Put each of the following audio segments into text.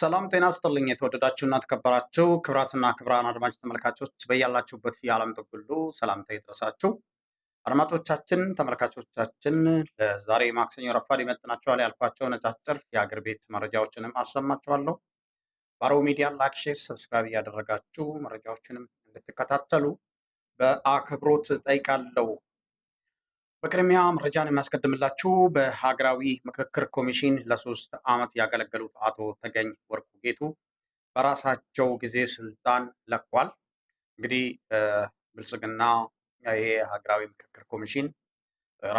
ሰላም ጤና ስጥልኝ። የተወደዳችሁና ተከበራችሁ ክብራትና ክብራን አድማጭ ተመልካቾች በያላችሁበት የዓለም ጥግ ሁሉ ሰላምታ ይድረሳችሁ። አድማጮቻችን፣ ተመልካቾቻችን ለዛሬ ማክሰኞ ረፋድ ይመጥናችኋል ያልኳቸው ነጫጭር የአገር ቤት መረጃዎችንም አሰማችኋለሁ። ባሮ ሚዲያ ላይክ፣ ሼር፣ ሰብስክራይብ እያደረጋችሁ መረጃዎችንም እንድትከታተሉ በአክብሮት ጠይቃለሁ። በቅድሚያ መረጃን የሚያስቀድምላችሁ በሀገራዊ ምክክር ኮሚሽን ለሶስት ዓመት ያገለገሉት አቶ ተገኝ ወርቁ ጌቱ በራሳቸው ጊዜ ስልጣን ለቋል። እንግዲህ ብልጽግና ይሄ ሀገራዊ ምክክር ኮሚሽን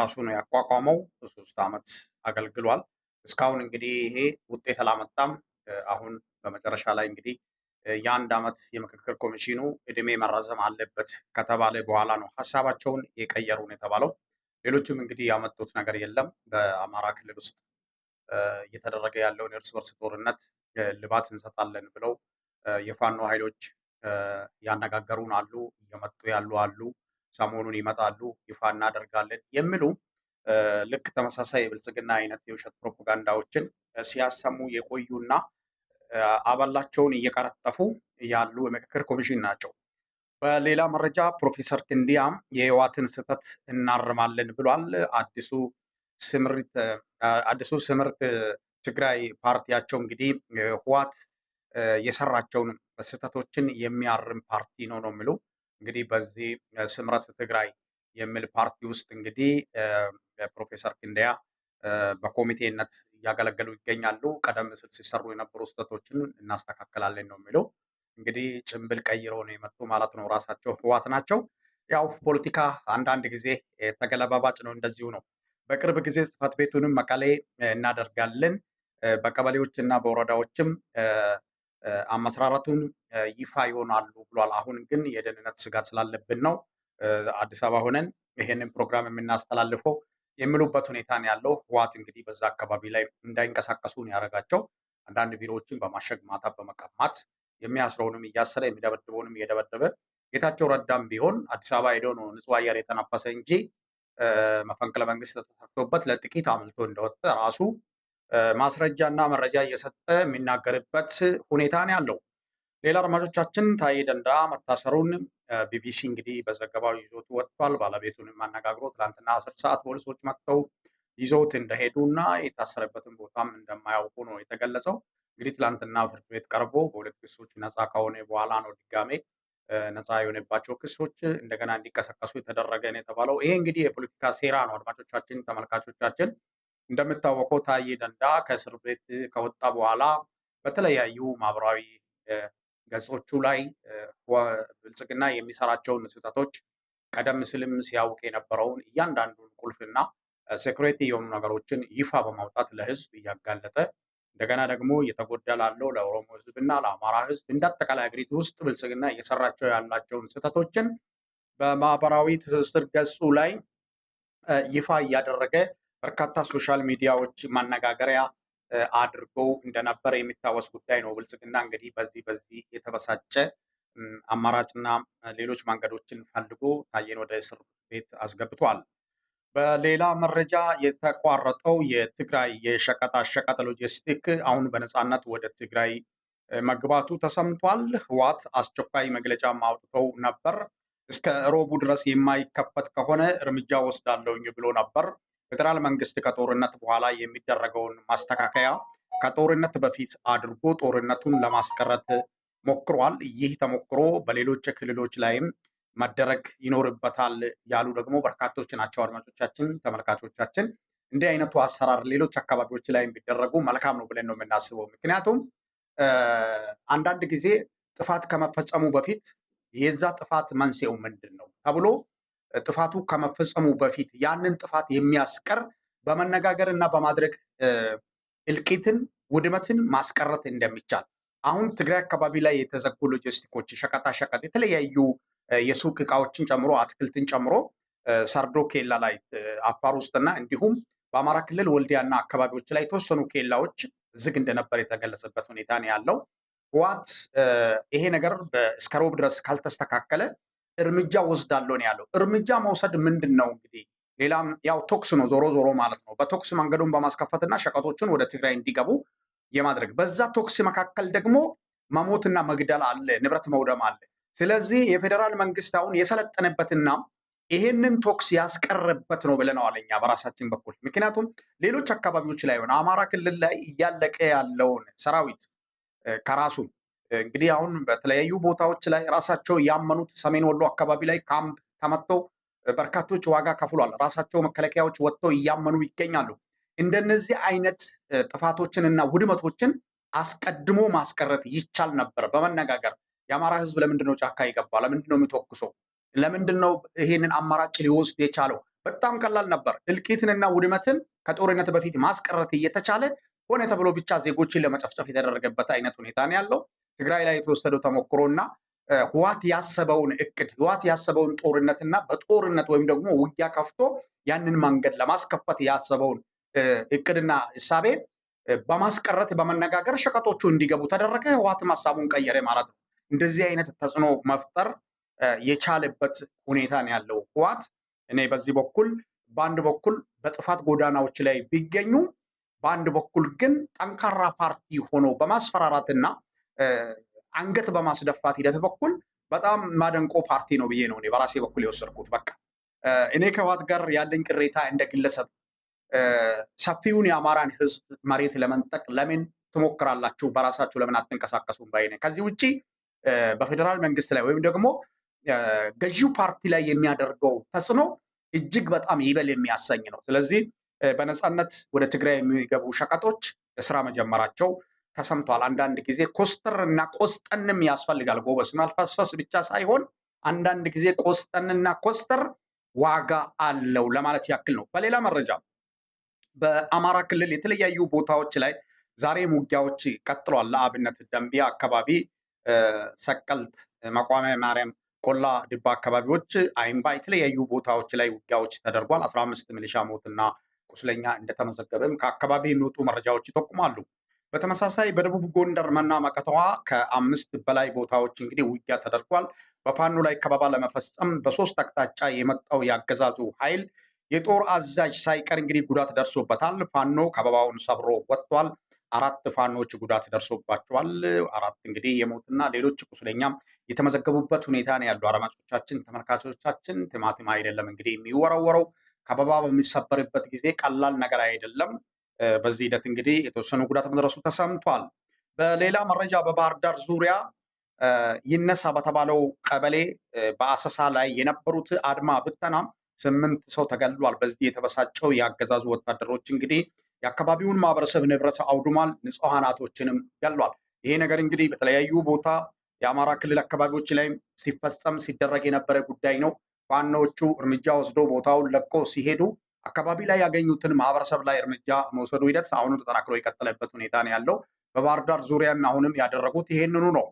ራሱ ነው ያቋቋመው። ሶስት ዓመት አገልግሏል። እስካሁን እንግዲህ ይሄ ውጤት አላመጣም። አሁን በመጨረሻ ላይ እንግዲህ የአንድ ዓመት የምክክር ኮሚሽኑ እድሜ መራዘም አለበት ከተባለ በኋላ ነው ሀሳባቸውን የቀየሩን የተባለው። ሌሎችም እንግዲህ ያመጡት ነገር የለም። በአማራ ክልል ውስጥ እየተደረገ ያለውን የእርስ በርስ ጦርነት ልባት እንሰጣለን ብለው የፋኖ ኃይሎች ያነጋገሩን አሉ፣ እየመጡ ያሉ አሉ፣ ሰሞኑን ይመጣሉ፣ ይፋ እናደርጋለን የሚሉ ልክ ተመሳሳይ የብልጽግና አይነት የውሸት ፕሮፓጋንዳዎችን ሲያሰሙ የቆዩና አባላቸውን እየቀረጠፉ ያሉ የምክክር ኮሚሽን ናቸው። በሌላ መረጃ ፕሮፌሰር ክንዲያም የህዋትን ስህተት እናርማለን ብሏል። አዲሱ ስምሪት አዲሱ ስምርት ትግራይ ፓርቲያቸው እንግዲህ ህዋት የሰራቸውን ስህተቶችን የሚያርም ፓርቲ ነው ነው የሚሉ እንግዲህ በዚህ ስምረት ትግራይ የሚል ፓርቲ ውስጥ እንግዲህ ፕሮፌሰር ክንዲያ በኮሚቴነት እያገለገሉ ይገኛሉ። ቀደም ሲል ሲሰሩ የነበሩ ስህተቶችን እናስተካከላለን ነው የሚለው እንግዲህ ጭንብል ቀይረው ነው የመጡ ማለት ነው። ራሳቸው ህዋት ናቸው። ያው ፖለቲካ አንዳንድ ጊዜ ተገለባባጭ ነው፣ እንደዚሁ ነው። በቅርብ ጊዜ ጽህፈት ቤቱንም መቀሌ እናደርጋለን በቀበሌዎች እና በወረዳዎችም አመሰራረቱን ይፋ ይሆናሉ ብሏል። አሁን ግን የደህንነት ስጋት ስላለብን ነው አዲስ አበባ ሆነን ይሄንን ፕሮግራም የምናስተላልፈው የሚሉበት ሁኔታ ነው ያለው። ህዋት እንግዲህ በዛ አካባቢ ላይ እንዳይንቀሳቀሱ ነው ያደረጋቸው። አንዳንድ ቢሮዎችን በማሸግ ማታ በመቀማት የሚያስረውንም እያሰረ የሚደበድበውንም እየደበደበ ጌታቸው ረዳም ቢሆን አዲስ አበባ ሄደው ነው ንጹህ አየር የተናፈሰ እንጂ መፈንቅለ መንግስት ተሰርቶበት ለጥቂት አምልቶ እንደወጠ ራሱ ማስረጃ እና መረጃ እየሰጠ የሚናገርበት ሁኔታ ነው ያለው። ሌላ አድማጮቻችን ታዬ ደንዳ መታሰሩን ቢቢሲ እንግዲህ በዘገባው ይዞቱ ወጥቷል። ባለቤቱንም አነጋግሮ ትላንትና አስር ሰዓት ፖሊሶች መጥተው ይዘውት እንደሄዱ እና የታሰረበትን ቦታም እንደማያውቁ ነው የተገለጸው። እንግዲህ ትላንትና ፍርድ ቤት ቀርቦ በሁለት ክሶች ነፃ ከሆነ በኋላ ነው ድጋሜ ነፃ የሆነባቸው ክሶች እንደገና እንዲቀሰቀሱ የተደረገ ነው የተባለው። ይሄ እንግዲህ የፖለቲካ ሴራ ነው። አድማጮቻችን፣ ተመልካቾቻችን እንደሚታወቀው ታዬ ደንዳ ከእስር ቤት ከወጣ በኋላ በተለያዩ ማህበራዊ ገጾቹ ላይ ብልጽግና የሚሰራቸውን ስህተቶች ቀደም ሲልም ሲያውቅ የነበረውን እያንዳንዱን ቁልፍና ሴኩሪቲ የሆኑ ነገሮችን ይፋ በማውጣት ለህዝብ እያጋለጠ እንደገና ደግሞ እየተጎዳ ላለው ለኦሮሞ ህዝብና ለአማራ ህዝብ እንዳጠቃላይ ሀገሪቱ ውስጥ ብልጽግና እየሰራቸው ያላቸውን ስህተቶችን በማህበራዊ ትስስር ገጹ ላይ ይፋ እያደረገ በርካታ ሶሻል ሚዲያዎች ማነጋገሪያ አድርጎ እንደነበረ የሚታወስ ጉዳይ ነው። ብልጽግና እንግዲህ በዚህ በዚህ የተበሳጨ አማራጭና ሌሎች መንገዶችን ፈልጎ ታየን ወደ እስር ቤት አስገብቷል። በሌላ መረጃ የተቋረጠው የትግራይ የሸቀጣሸቀጥ ሎጂስቲክ አሁን በነፃነት ወደ ትግራይ መግባቱ ተሰምቷል። ህዋት አስቸኳይ መግለጫ አውጥተው ነበር። እስከ ሮቡ ድረስ የማይከፈት ከሆነ እርምጃ ወስዳለውኝ ብሎ ነበር። ፌዴራል መንግስት ከጦርነት በኋላ የሚደረገውን ማስተካከያ ከጦርነት በፊት አድርጎ ጦርነቱን ለማስቀረት ሞክሯል። ይህ ተሞክሮ በሌሎች ክልሎች ላይም መደረግ ይኖርበታል ያሉ ደግሞ በርካቶች ናቸው። አድማጮቻችን፣ ተመልካቾቻችን እንዲህ አይነቱ አሰራር ሌሎች አካባቢዎች ላይ የሚደረጉ መልካም ነው ብለን ነው የምናስበው። ምክንያቱም አንዳንድ ጊዜ ጥፋት ከመፈጸሙ በፊት የዛ ጥፋት መንስኤው ምንድን ነው ተብሎ ጥፋቱ ከመፈጸሙ በፊት ያንን ጥፋት የሚያስቀር በመነጋገር እና በማድረግ እልቂትን፣ ውድመትን ማስቀረት እንደሚቻል አሁን ትግራይ አካባቢ ላይ የተዘጉ ሎጂስቲኮች፣ ሸቀጣሸቀጥ የተለያዩ የሱቅ እቃዎችን ጨምሮ አትክልትን ጨምሮ ሰርዶ ኬላ ላይ አፋር ውስጥና እንዲሁም በአማራ ክልል ወልዲያና አካባቢዎች ላይ የተወሰኑ ኬላዎች ዝግ እንደነበር የተገለጸበት ሁኔታ ነው ያለው። ህዋት ይሄ ነገር እስከ ሮብ ድረስ ካልተስተካከለ እርምጃ ወስዳለሁ ነው ያለው። እርምጃ መውሰድ ምንድን ነው እንግዲህ ሌላም ያው ቶክስ ነው ዞሮ ዞሮ ማለት ነው። በቶክስ መንገዱን በማስከፈትና ሸቀጦቹን ወደ ትግራይ እንዲገቡ የማድረግ በዛ ቶክስ መካከል ደግሞ መሞትና መግደል አለ፣ ንብረት መውደም አለ። ስለዚህ የፌዴራል መንግስት አሁን የሰለጠነበትና ይሄንን ቶክስ ያስቀረበት ነው ብለነዋል እኛ በራሳችን በኩል። ምክንያቱም ሌሎች አካባቢዎች ላይ ሆነ አማራ ክልል ላይ እያለቀ ያለውን ሰራዊት ከራሱ እንግዲህ አሁን በተለያዩ ቦታዎች ላይ ራሳቸው ያመኑት ሰሜን ወሎ አካባቢ ላይ ካምፕ ተመተው በርካቶች ዋጋ ከፍሏል። ራሳቸው መከላከያዎች ወጥተው እያመኑ ይገኛሉ። እንደነዚህ አይነት ጥፋቶችን እና ውድመቶችን አስቀድሞ ማስቀረት ይቻል ነበር በመነጋገር የአማራ ህዝብ ለምንድነው ነው ጫካ የገባ? ለምንድነው ነው የሚተኩሰው? ለምንድነው ነው ይሄንን አማራጭ ሊወስድ የቻለው? በጣም ቀላል ነበር። እልቂትንና ውድመትን ከጦርነት በፊት ማስቀረት እየተቻለ ሆነ ተብሎ ብቻ ዜጎችን ለመጨፍጨፍ የተደረገበት አይነት ሁኔታ ነው ያለው። ትግራይ ላይ የተወሰደው ተሞክሮ እና ህዋት ያሰበውን እቅድ ህዋት ያሰበውን ጦርነትና በጦርነት ወይም ደግሞ ውጊያ ከፍቶ ያንን መንገድ ለማስከፈት ያሰበውን እቅድና እሳቤ በማስቀረት በመነጋገር ሸቀጦቹ እንዲገቡ ተደረገ። ህዋትም ሀሳቡን ቀየረ ማለት ነው። እንደዚህ አይነት ተጽዕኖ መፍጠር የቻለበት ሁኔታ ነው ያለው ህወሓት። እኔ በዚህ በኩል በአንድ በኩል በጥፋት ጎዳናዎች ላይ ቢገኙ፣ በአንድ በኩል ግን ጠንካራ ፓርቲ ሆኖ በማስፈራራትና አንገት በማስደፋት ሂደት በኩል በጣም ማደንቆ ፓርቲ ነው ብዬ ነው እኔ በራሴ በኩል የወሰድኩት። በቃ እኔ ከህወሓት ጋር ያለኝ ቅሬታ እንደ ግለሰብ ሰፊውን የአማራን ህዝብ መሬት ለመንጠቅ ለምን ትሞክራላችሁ? በራሳችሁ ለምን አትንቀሳቀሱም? ባይነ ከዚህ ውጭ በፌዴራል መንግስት ላይ ወይም ደግሞ ገዢው ፓርቲ ላይ የሚያደርገው ተጽዕኖ እጅግ በጣም ይበል የሚያሰኝ ነው። ስለዚህ በነፃነት ወደ ትግራይ የሚገቡ ሸቀጦች ስራ መጀመራቸው ተሰምቷል። አንዳንድ ጊዜ ኮስተር እና ቆስጠንም ያስፈልጋል። ጎበስ ማልፈስፈስ ብቻ ሳይሆን አንዳንድ ጊዜ ቆስጠንና ኮስተር ዋጋ አለው ለማለት ያክል ነው። በሌላ መረጃ በአማራ ክልል የተለያዩ ቦታዎች ላይ ዛሬም ውጊያዎች ቀጥሏል። ለአብነት ደንቢያ አካባቢ ሰቀልት፣ መቋሚያ ማርያም፣ ቆላ ድባ አካባቢዎች፣ አይምባ፣ የተለያዩ ቦታዎች ላይ ውጊያዎች ተደርጓል። አስራ አምስት ሚሊሻ ሞትና ቁስለኛ እንደተመዘገበም ከአካባቢ የሚወጡ መረጃዎች ይጠቁማሉ። በተመሳሳይ በደቡብ ጎንደር መና መቀተዋ ከአምስት በላይ ቦታዎች እንግዲህ ውጊያ ተደርጓል። በፋኖ ላይ ከበባ ለመፈጸም በሶስት አቅጣጫ የመጣው የአገዛዙ ኃይል የጦር አዛዥ ሳይቀር እንግዲህ ጉዳት ደርሶበታል። ፋኖ ከበባውን ሰብሮ ወጥቷል። አራት ፋኖች ጉዳት ደርሶባቸዋል። አራት እንግዲህ የሞትና ሌሎች ቁስለኛ የተመዘገቡበት ሁኔታ ነው ያሉ አድማጮቻችን፣ ተመልካቾቻችን። ቲማቲም አይደለም እንግዲህ የሚወረወረው ከአበባ በሚሰበርበት ጊዜ ቀላል ነገር አይደለም። በዚህ ሂደት እንግዲህ የተወሰኑ ጉዳት መድረሱ ተሰምቷል። በሌላ መረጃ በባህር ዳር ዙሪያ ይነሳ በተባለው ቀበሌ በአሰሳ ላይ የነበሩት አድማ ብተና ስምንት ሰው ተገሏል። በዚህ የተበሳጨው የአገዛዙ ወታደሮች እንግዲህ የአካባቢውን ማህበረሰብ ንብረት አውድሟል፣ ንጹሐን ያሏል ገሏል። ይሄ ነገር እንግዲህ በተለያዩ ቦታ የአማራ ክልል አካባቢዎች ላይም ሲፈጸም ሲደረግ የነበረ ጉዳይ ነው። ዋናዎቹ እርምጃ ወስዶ ቦታውን ለቆ ሲሄዱ አካባቢ ላይ ያገኙትን ማህበረሰብ ላይ እርምጃ መውሰዱ ሂደት አሁኑ ተጠናክሮ የቀጠለበት ሁኔታ ነው ያለው። በባህር ዳር ዙሪያም አሁንም ያደረጉት ይሄንኑ ነው።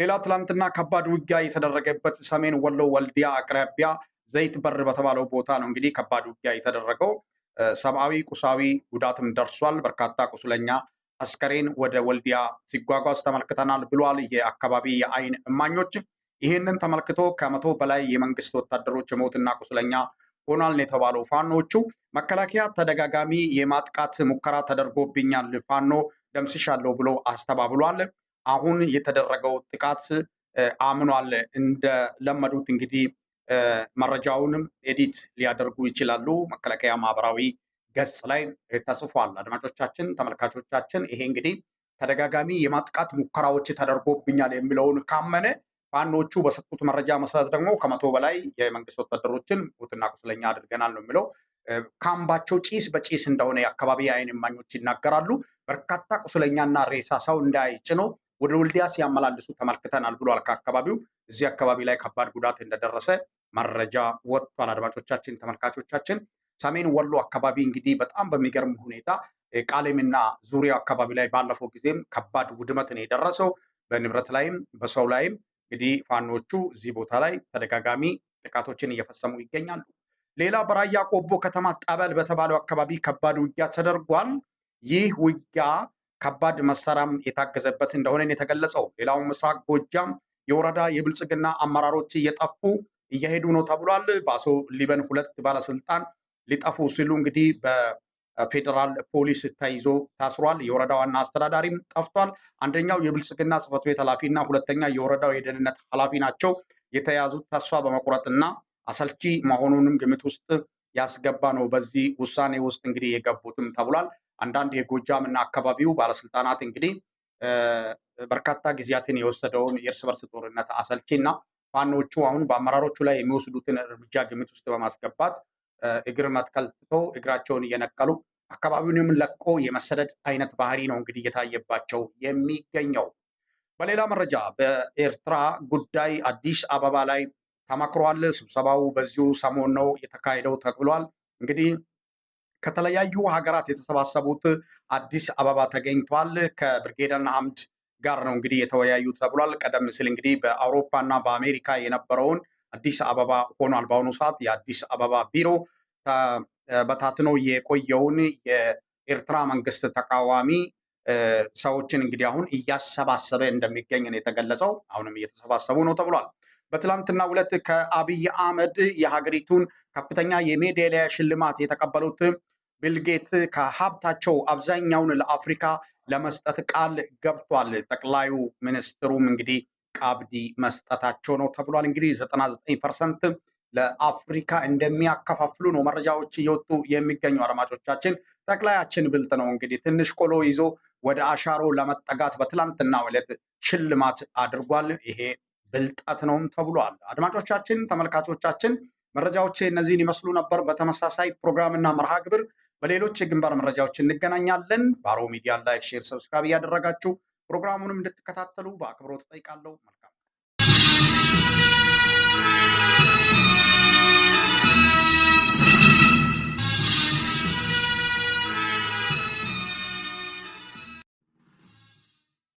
ሌላ ትላንትና ከባድ ውጊያ የተደረገበት ሰሜን ወሎ ወልዲያ አቅራቢያ ዘይት በር በተባለው ቦታ ነው እንግዲህ ከባድ ውጊያ የተደረገው። ሰብአዊ ቁሳዊ ጉዳትም ደርሷል። በርካታ ቁስለኛ አስከሬን ወደ ወልዲያ ሲጓጓዝ ተመልክተናል ብሏል የአካባቢ የአይን እማኞች። ይህንን ተመልክቶ ከመቶ በላይ የመንግስት ወታደሮች ሞትና ቁስለኛ ሆኗል የተባለው ፋኖዎቹ መከላከያ ተደጋጋሚ የማጥቃት ሙከራ ተደርጎብኛል፣ ፋኖ ደምስሻለሁ ብሎ አስተባብሏል። አሁን የተደረገው ጥቃት አምኗል። እንደለመዱት እንግዲህ መረጃውንም ኤዲት ሊያደርጉ ይችላሉ። መከላከያ ማህበራዊ ገጽ ላይ ተጽፏል። አድማጮቻችን፣ ተመልካቾቻችን ይሄ እንግዲህ ተደጋጋሚ የማጥቃት ሙከራዎች ተደርጎብኛል የሚለውን ካመነ ፋኖቹ በሰጡት መረጃ መሰረት ደግሞ ከመቶ በላይ የመንግስት ወታደሮችን ሙትና ቁስለኛ አድርገናል ነው የሚለው። ካምባቸው ጭስ በጭስ እንደሆነ የአካባቢ የአይን እማኞች ይናገራሉ። በርካታ ቁስለኛና ሬሳ ሰው እንዳይጭነው ወደ ወልዲያ ሲያመላልሱ ተመልክተናል ብሏል። ከአካባቢው እዚህ አካባቢ ላይ ከባድ ጉዳት እንደደረሰ መረጃ ወጥቷል። አድማጮቻችን፣ ተመልካቾቻችን ሰሜን ወሎ አካባቢ እንግዲህ በጣም በሚገርም ሁኔታ ቃሌምና ዙሪያው አካባቢ ላይ ባለፈው ጊዜም ከባድ ውድመት ነው የደረሰው። በንብረት ላይም በሰው ላይም እንግዲህ ፋኖቹ እዚህ ቦታ ላይ ተደጋጋሚ ጥቃቶችን እየፈጸሙ ይገኛሉ። ሌላ በራያ ቆቦ ከተማ ጠበል በተባለው አካባቢ ከባድ ውጊያ ተደርጓል። ይህ ውጊያ ከባድ መሳሪያም የታገዘበት እንደሆነ የተገለጸው። ሌላው ምስራቅ ጎጃም የወረዳ የብልጽግና አመራሮች እየጠፉ እየሄዱ ነው ተብሏል። በአሶ ሊበን ሁለት ባለስልጣን ሊጠፉ ሲሉ እንግዲህ በፌዴራል ፖሊስ ተይዞ ታስሯል። የወረዳ ዋና አስተዳዳሪም ጠፍቷል። አንደኛው የብልጽግና ጽህፈት ቤት ኃላፊ እና ሁለተኛ የወረዳው የደህንነት ኃላፊ ናቸው። የተያዙት ተስፋ በመቁረጥና አሰልቺ መሆኑንም ግምት ውስጥ ያስገባ ነው። በዚህ ውሳኔ ውስጥ እንግዲህ የገቡትም ተብሏል። አንዳንድ የጎጃም እና አካባቢው ባለስልጣናት እንግዲህ በርካታ ጊዜያትን የወሰደውን የእርስ በርስ ጦርነት አሰልቺ እና ፋኖቹ አሁን በአመራሮቹ ላይ የሚወስዱትን እርምጃ ግምት ውስጥ በማስገባት እግር መትከል ትቶ እግራቸውን እየነቀሉ አካባቢውንም ለቆ የመሰደድ አይነት ባህሪ ነው እንግዲህ እየታየባቸው የሚገኘው። በሌላ መረጃ በኤርትራ ጉዳይ አዲስ አበባ ላይ ተመክሯል። ስብሰባው በዚሁ ሰሞን ነው የተካሄደው ተብሏል። እንግዲህ ከተለያዩ ሀገራት የተሰባሰቡት አዲስ አበባ ተገኝቷል። ከብርጌደን ሐምድ ጋር ነው እንግዲህ የተወያዩ ተብሏል። ቀደም ሲል እንግዲህ በአውሮፓ እና በአሜሪካ የነበረውን አዲስ አበባ ሆኗል። በአሁኑ ሰዓት የአዲስ አበባ ቢሮ በታትኖ የቆየውን የኤርትራ መንግስት ተቃዋሚ ሰዎችን እንግዲህ አሁን እያሰባሰበ እንደሚገኝ ነው የተገለጸው። አሁንም እየተሰባሰቡ ነው ተብሏል። በትላንትና ሁለት ከአብይ አህመድ የሀገሪቱን ከፍተኛ የሜዳሊያ ሽልማት የተቀበሉት ቢልጌት ከሀብታቸው አብዛኛውን ለአፍሪካ ለመስጠት ቃል ገብቷል። ጠቅላዩ ሚኒስትሩም እንግዲህ ቃብዲ መስጠታቸው ነው ተብሏል። እንግዲህ 99 ፐርሰንት ለአፍሪካ እንደሚያከፋፍሉ ነው መረጃዎች እየወጡ የሚገኙ አድማጮቻችን። ጠቅላያችን ብልጥ ነው እንግዲህ ትንሽ ቆሎ ይዞ ወደ አሻሮ ለመጠጋት በትላንትናው ዕለት ሽልማት አድርጓል። ይሄ ብልጠት ነውም ተብሏል። አድማጮቻችን፣ ተመልካቾቻችን መረጃዎች እነዚህን ይመስሉ ነበር። በተመሳሳይ ፕሮግራምና መርሃ ግብር በሌሎች የግንባር መረጃዎች እንገናኛለን። ባሮ ሚዲያ ላይክ፣ ሼር፣ ሰብስክራይብ እያደረጋችሁ ፕሮግራሙንም እንድትከታተሉ በአክብሮት እጠይቃለሁ። መልካም